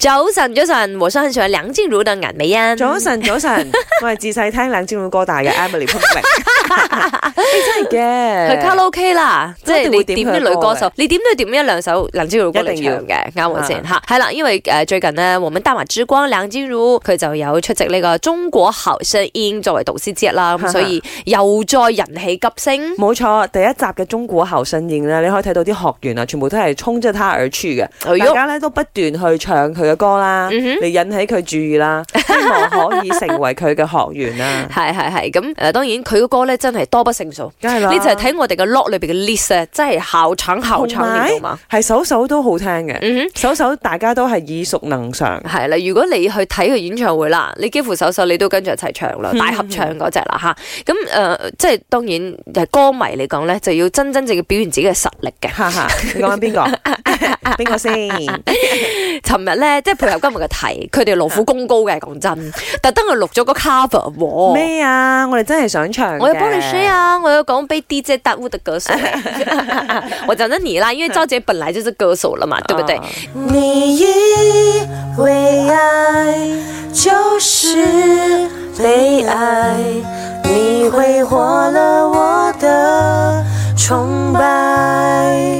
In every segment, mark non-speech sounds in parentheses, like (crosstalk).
早晨，早晨，我尚很喜歡梁靜茹的銀美欣、啊。早晨，早晨， (laughs) 我係自細聽梁靜茹歌大嘅 (laughs) Emily Perman. (laughs) 欸的的你的的。你真係嘅，佢卡拉 OK 啦，即係你點啲女歌手，你點都點一兩首梁靜茹一定要嘅，啱我先吓。係、啊、啦、啊，因為誒、呃、最近呢我哋大馬之光、梁靜茹，佢就有出席呢個中國好聲音作為導師之一啦。咁 (laughs) 所以又再人氣急升。冇、啊、錯，第一集嘅中國好聲音咧，你可以睇到啲學員啊，全部都係衝咗佢而出嘅、哎，大家咧都不斷去唱佢。嘅歌啦，你引起佢注意啦，希望可以成為佢嘅學員啦。係係係咁，誒，當然佢嘅歌咧真係多不勝數，你就係睇我哋嘅 log 裏邊嘅 list 咧，真係校唱校唱嚟嘛，係首首都好聽嘅， (laughs) 首首大家都係耳熟能詳。係啦，如果你去睇佢演唱會啦，你幾乎首首你都跟住一齊唱啦，大合唱嗰隻啦吓。咁 (laughs) 誒、呃，即係當然，誒，歌迷嚟講咧，就要真真正嘅表現自己嘅實力嘅。 (laughs) 你講邊個？邊 (laughs) 個誰先？ (laughs) 琴日咧，即係配合今日嘅題，佢哋勞苦功高嘅，講真。特登係我錄咗個 cover 喎。咩啊？我哋真係想唱。我要幫你 share 啊！我要講被 DJ 耽誤的歌手。 (laughs) (laughs) (laughs) 我講到你啦，因為周姐本來就係歌手啦嘛，uh. 對唔對？你以為愛就是悲哀？嗯、你揮霍了我的崇拜。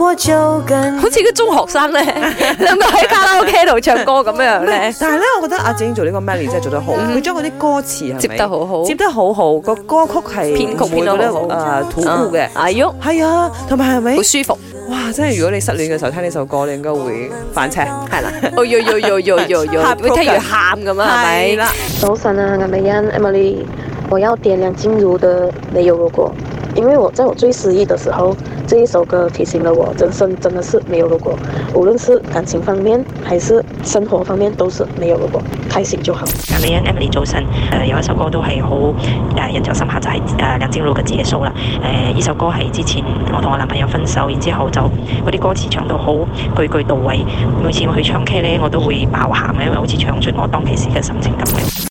好似啲中學生呢， (laughs) 兩個喺卡拉 OK 度唱歌咁樣呢 (laughs) 但係呢，我覺得阿鄭做呢個 Melody 真係做得好，佢將嗰啲歌詞、嗯、是是接得好好，接得好好。個歌曲係編曲會覺得好土嘅、啊啊，哎呦係啊，同埋係咪好舒服？哇！真係如果你失戀嘅時候聽呢首歌，你應該會翻車，係啦。哦呦呦呦呦呦呦，會聽完喊咁啊？係咪？早晨啊，林美欣，Emily，我要點梁靜茹的《沒有如果》。因為我在我最失意的時候，這一首歌提醒了我，人生真的是沒有如果，無論是感情方面還是生活方面都是沒有如果，開心就好。阿美安 Emily 早晨，呃，有一首歌都係好誒印象深刻，就係梁靜茹嘅《結束》啦。啊、誒、呃，呢首歌係之前我同我男朋友分手，然之後就嗰啲歌詞唱到好句句到位，每次我去唱 K 呢，我都會爆喊，因為好似唱出我當其時嘅心情咁。